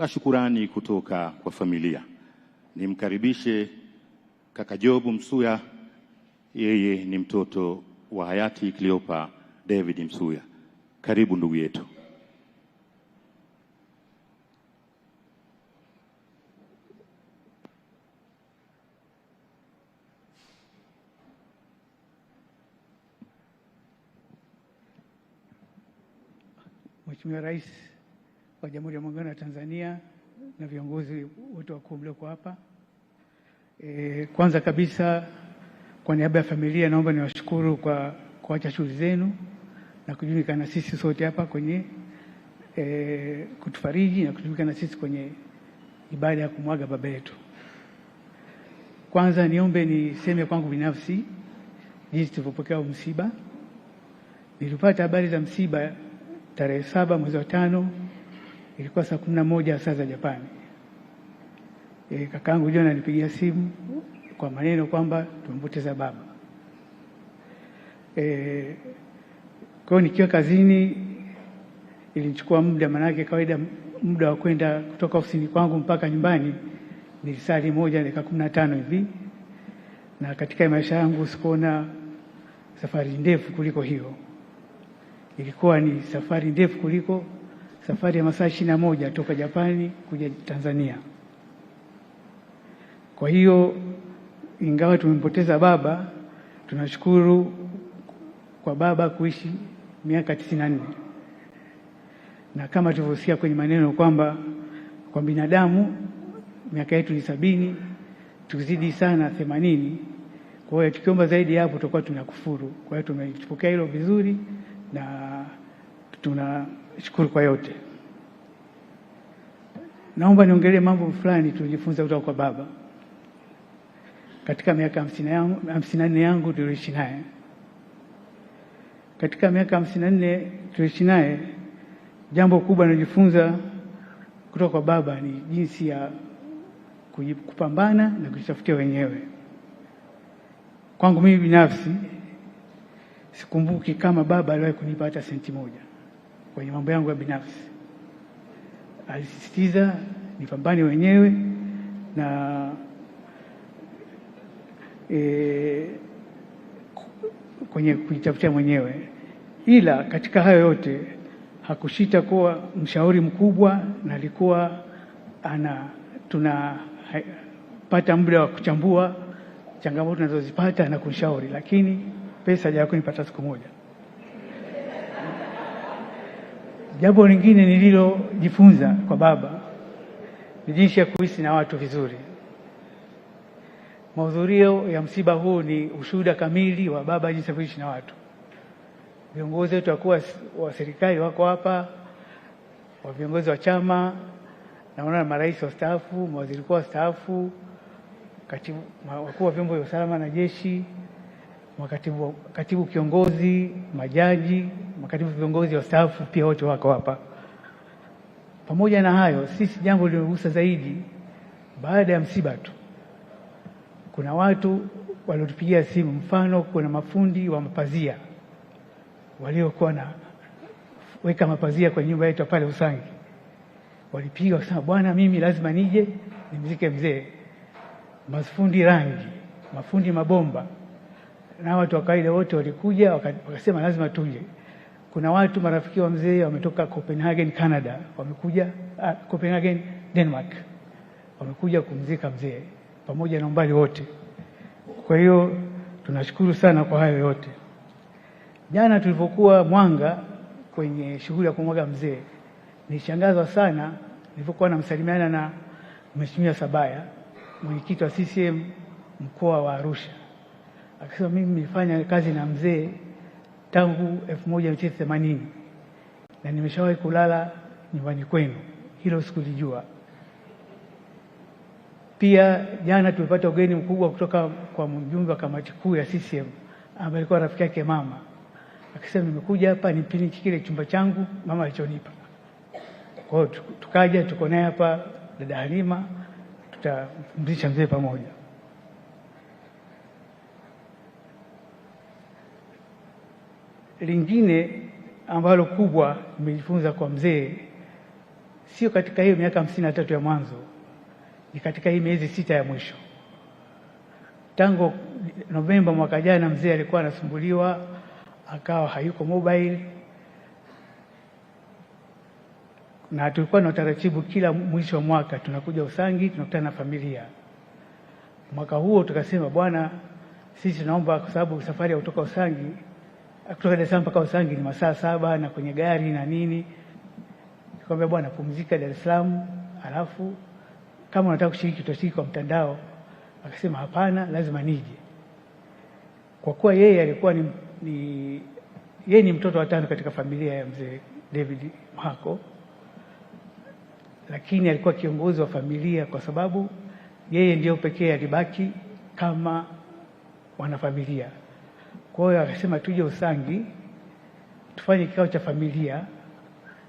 la shukurani kutoka kwa familia. Nimkaribishe kaka Jobu Msuya, yeye ni mtoto wa hayati Cleopa David Msuya. Karibu ndugu yetu. Mheshimiwa Rais wa Jamhuri ya Muungano wa Tanzania na viongozi wote wakuu mlioko hapa. E, kwanza kabisa kwa niaba ya familia naomba niwashukuru kwa kuacha shughuli zenu na kujumuika na sisi sote hapa kwenye e, kutufariji na kujumuika na sisi kwenye ibada ya kumwaga baba yetu. Kwanza niombe niseme kwangu binafsi jinsi tulivyopokea msiba. Nilipata habari za msiba tarehe saba mwezi wa tano ilikuwa saa kumi na moja saa za Japani. E, kakaangu John alipigia simu kwa maneno kwamba tumpoteza baba. E, kwa hiyo nikiwa kazini ilinichukua muda, maanake kawaida muda wa kwenda kutoka ofisini kwangu mpaka nyumbani ni lisali moja dakika kumi na tano hivi, na katika maisha yangu sikuona safari ndefu kuliko hiyo. Ilikuwa ni safari ndefu kuliko safari ya masaa ishirini na moja toka Japani kuja Tanzania. Kwa hiyo ingawa tumempoteza baba, tunashukuru kwa baba kuishi miaka tisini na nne na kama tulivyosikia kwenye maneno kwamba kwa binadamu miaka yetu ni sabini, tuzidi sana themanini. Kwa hiyo tukiomba zaidi hapo tutakuwa tunakufuru. Kwa hiyo tumepokea hilo vizuri na tuna shukuru kwa yote. Naomba niongelee mambo fulani tulijifunza kutoka kwa baba katika miaka hamsini na nne yangu tulioishi naye. Katika miaka hamsini na nne tulioishi naye, jambo kubwa nilijifunza kutoka kwa baba ni jinsi ya kupambana na kujitafutia wenyewe. Kwangu mimi binafsi sikumbuki kama baba aliwahi kunipa hata senti moja kwenye mambo yangu ya binafsi. Alisisitiza nipambane wenyewe na e, kwenye kujitafutia mwenyewe, ila katika hayo yote hakushita kuwa mshauri mkubwa, na alikuwa ana tunapata muda wa kuchambua changamoto tunazozipata na kunshauri, lakini pesa hajawahi kunipata siku moja. Jambo lingine nililojifunza kwa baba ni jinsi ya kuishi na watu vizuri. Mahudhurio ya msiba huu ni ushuhuda kamili wa baba jinsi ya kuishi na watu. Viongozi wetu wakuwa wa serikali wako hapa, wa viongozi wa chama, naona na marais wastaafu, mawaziri kuu wastaafu, wakuu wa vyombo vya usalama na jeshi, makatibu katibu kiongozi, majaji makatibu viongozi wastaafu pia wote wako hapa. Pamoja na hayo, sisi jambo lilogusa zaidi baada ya msiba tu, kuna watu waliotupigia simu, mfano kuna mafundi wa mapazia waliokuwa na weka mapazia kwenye nyumba yetu pale Usangi, walipiga wakasema, bwana, mimi lazima nije nimzike mzee. Mafundi rangi, mafundi mabomba na watu wa kawaida wote walikuja wakasema lazima tuje. Kuna watu marafiki wa mzee wametoka Copenhagen, Canada, wamekuja uh, Copenhagen, Denmark, wamekuja kumzika mzee pamoja na umbali wote. Kwa hiyo tunashukuru sana kwa hayo yote. Jana tulipokuwa Mwanga kwenye shughuli ya kumwaga mzee, nilishangazwa sana nilipokuwa namsalimiana na Mheshimiwa Sabaya, mwenyekiti wa CCM mkoa wa Arusha, akasema mimi nilifanya kazi na mzee tangu 1980 na nimeshawahi kulala nyumbani kwenu, hilo sikulijua. Pia jana tulipata ugeni mkubwa kutoka kwa mjumbe wa kamati kuu ya CCM ambaye alikuwa rafiki yake mama, akisema nimekuja hapa nipiniki kile chumba changu mama alichonipa. Kwa hiyo tukaja, tuko naye hapa dada Halima, tutamlisha mzee pamoja. Lingine ambalo kubwa nimejifunza kwa mzee, sio katika hiyo miaka hamsini na tatu ya mwanzo, ni katika hii miezi sita ya mwisho. Tangu Novemba mwaka jana, mzee alikuwa anasumbuliwa, akawa hayuko mobile, na tulikuwa na utaratibu kila mwisho wa mwaka tunakuja Usangi, tunakutana na familia. Mwaka huo tukasema, bwana, sisi tunaomba, kwa sababu safari ya kutoka Usangi kutoka Dar es Salaam mpaka Usangi ni masaa saba na kwenye gari na nini. Nikamwambia bwana, pumzika Dar es Salaam, alafu kama unataka kushiriki utashiriki kwa mtandao. Akasema hapana, lazima nije, kwa kuwa yeye alikuwa ni, ni yeye ni mtoto wa tano katika familia ya mzee David Mhako, lakini alikuwa kiongozi wa familia kwa sababu yeye ndio pekee alibaki kama wanafamilia. Kwa hiyo akasema tuje Usangi tufanye kikao cha familia,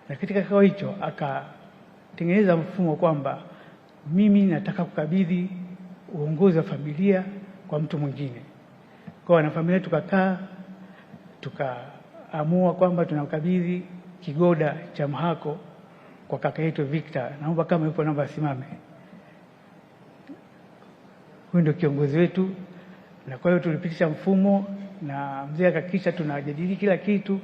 na katika kikao hicho akatengeneza mfumo kwamba mimi nataka kukabidhi uongozi wa familia kwa mtu mwingine. Kwa wanafamilia tukakaa tukaamua kwamba tunakabidhi kigoda cha Mhako kwa kaka yetu Victor. Naomba kama yupo namba asimame. Huyu ndio kiongozi wetu, na kwa hiyo tulipitisha mfumo na mzee akakisha tunajadili kila kitu,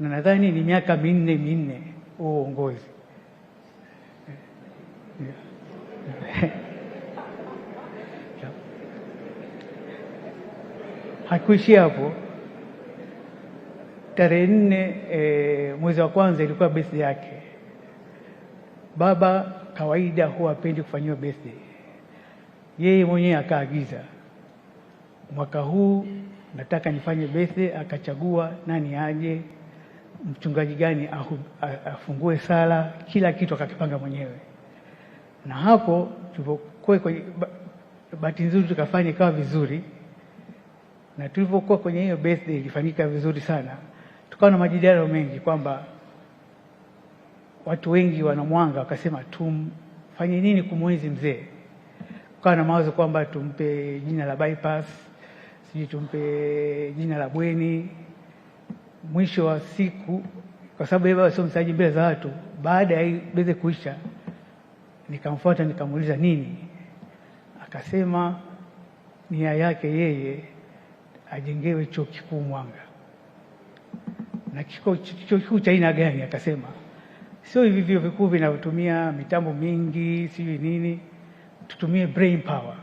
na nadhani ni miaka minne minne huo uongozi hakuishia hapo. Tarehe nne e, mwezi wa kwanza ilikuwa birthday yake. Baba kawaida huwa hapendi kufanyiwa birthday, yeye mwenyewe akaagiza mwaka huu nataka nifanye bethe, akachagua nani aje, mchungaji gani ahu, afungue sala, kila kitu akakipanga mwenyewe. Na hapo tulipokuwa kwenye bahati nzuri tukafanya ikawa vizuri, na tulipokuwa kwenye hiyo birthday ilifanyika vizuri sana, tukawa na majadiliano mengi kwamba watu wengi wana mwanga, wakasema tumfanye nini kumwezi mzee. Tukawa na mawazo kwamba tumpe jina la bypass sijui tumpe jina la bweni. Mwisho wa siku, kwa sababu yeye sio msaaji mbele za watu, baada ya beze kuisha, nikamfuata nikamuuliza nini, akasema nia yake yeye ajengewe chuo kikuu Mwanga. Na chuo kikuu cha aina gani? Akasema sio hivi vyuo vikuu vinavyotumia mitambo mingi sijui nini, tutumie brain power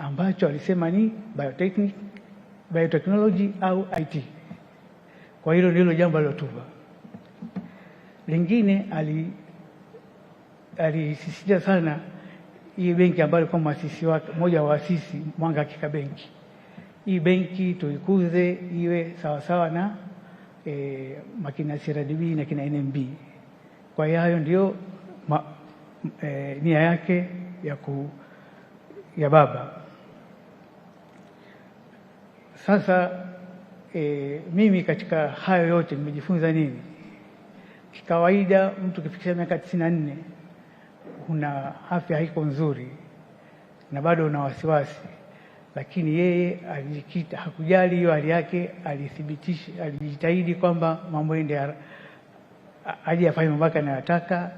ambacho alisema ni biotechnic, biotechnology au IT. Kwa hilo ndilo jambo alilotupa. Lingine alisisitiza ali sana hii benki ambayo alikuwa mwasisi wake, mmoja wa waasisi Mwanga akika Benki. Hii benki tuikuze iwe sawasawa na e, makina CRDB na kina NMB. Kwa hiyo hayo ndio ma, e, nia yake ya, ku, ya baba. Sasa e, mimi katika hayo yote nimejifunza nini? Kikawaida mtu ukifikisha miaka tisini na nne una afya haiko nzuri na bado una wasiwasi, lakini yeye alijikita, hakujali hiyo hali yake, alithibitisha, alijitahidi kwamba mambo ende, aje afanye mambo yake anayotaka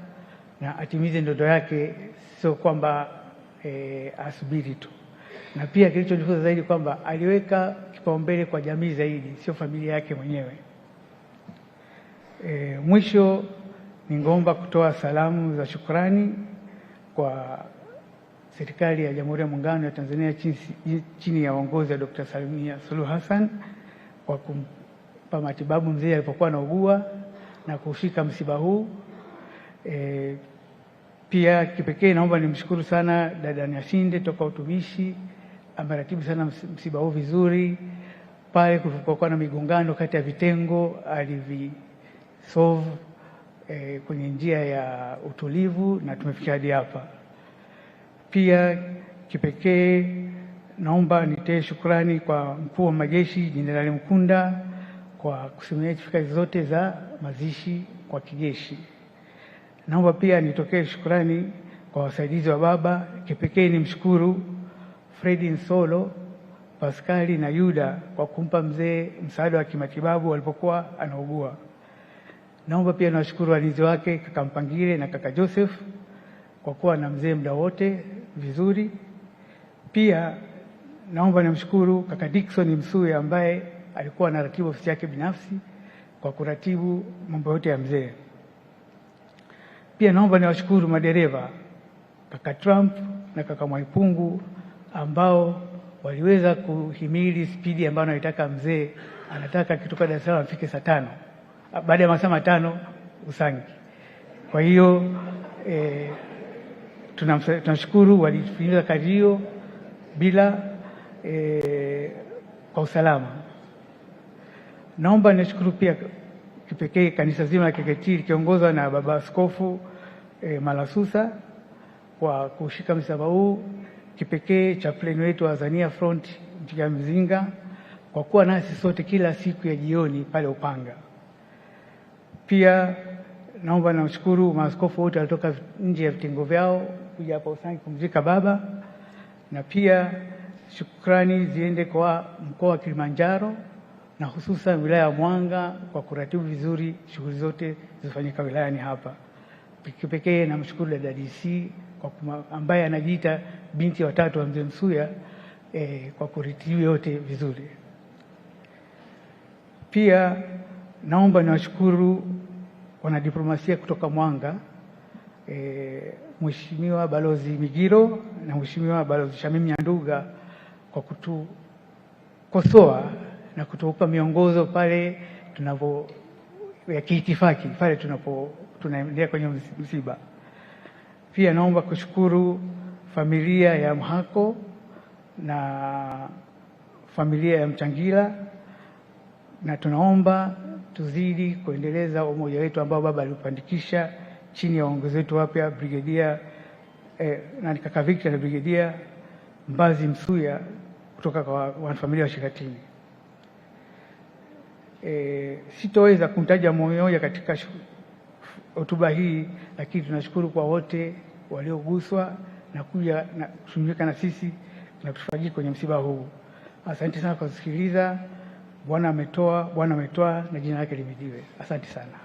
na atimize ndoto yake, sio kwamba e, asubiri tu. Na pia kilichojifunza zaidi kwamba aliweka kipaumbele kwa jamii zaidi, sio familia yake mwenyewe. E, mwisho ningeomba kutoa salamu za shukrani kwa serikali ya Jamhuri ya Muungano wa Tanzania chini ya uongozi wa Dr. Samia Suluhu Hassan kwa kumpa matibabu mzee alipokuwa anaugua na kushika msiba huu. E, pia kipekee naomba nimshukuru sana dada Nyashinde toka utumishi ameratibu sana msiba huu vizuri. Pale kulipokuwa na migongano kati ya vitengo alivisolve eh, kwenye njia ya utulivu na tumefikia hadi hapa. Pia kipekee naomba nitoe shukrani kwa mkuu wa majeshi Jenerali Mkunda kwa kusimamia itikadi zote za mazishi kwa kijeshi. Naomba pia nitokee shukrani kwa wasaidizi wa baba, kipekee ni mshukuru Fredi Nsolo Paskali na Yuda kwa kumpa mzee msaada wa kimatibabu alipokuwa anaugua. Naomba pia niwashukuru walinzi wake kaka Mpangile na kaka Joseph kwa kuwa na mzee muda wote vizuri. Pia naomba nimshukuru kaka Dickson Msuya ambaye alikuwa na ratibu ofisi yake binafsi kwa kuratibu mambo yote ya mzee. Pia naomba niwashukuru madereva kaka Trump na kaka Mwaipungu ambao waliweza kuhimili spidi ambayo anaitaka mzee. Anataka akitoka Dar es Salaam afike saa tano, baada ya masaa matano Usangi. Kwa hiyo e, tunashukuru walitimiza kazi hiyo bila e, kwa usalama. Naomba nishukuru pia kipekee kanisa zima la KKT likiongozwa na baba askofu e, Malasusa kwa kushika msamaha huu kipekee cha pleni wetu wa Azania Front Mtiga Mzinga kwa kuwa nasi sote kila siku ya jioni pale Upanga. Pia naomba namshukuru maaskofu wote walitoka nje ya vitengo vyao kuja hapa Usangi kumzika baba, na pia shukrani ziende kwa mkoa wa Kilimanjaro na hususan wilaya ya Mwanga kwa kuratibu vizuri shughuli zote zilizofanyika wilayani hapa. Kipekee namshukuru dada DC kwa kuma, ambaye anajiita binti watatu wa mzee Msuya e, kwa kuritiu yote vizuri. Pia naomba niwashukuru wanadiplomasia kutoka Mwanga e, Mheshimiwa Balozi Migiro na Mheshimiwa Balozi Shamim Nyanduga kwa kutukosoa na kutupa miongozo pale tunapo ya kiitifaki pale tunapo tunaendelea kwenye msiba. Pia naomba kushukuru familia ya Mhako na familia ya Mchangila, na tunaomba tuzidi kuendeleza umoja wetu ambao baba aliupandikisha chini ya uongozi wetu wapya brigedia eh, na kaka Victor na brigedia Mbazi Msuya kutoka kwa wanafamilia wa Shikatini. Eh, sitoweza kumtaja mmoja katika hotuba hii, lakini tunashukuru kwa wote walioguswa na kuja na kushirika na sisi na kutufariji kwenye msiba huu. Asante sana kwa kusikiliza. Bwana ametoa, Bwana ametoa na jina lake limidiwe. Asante sana.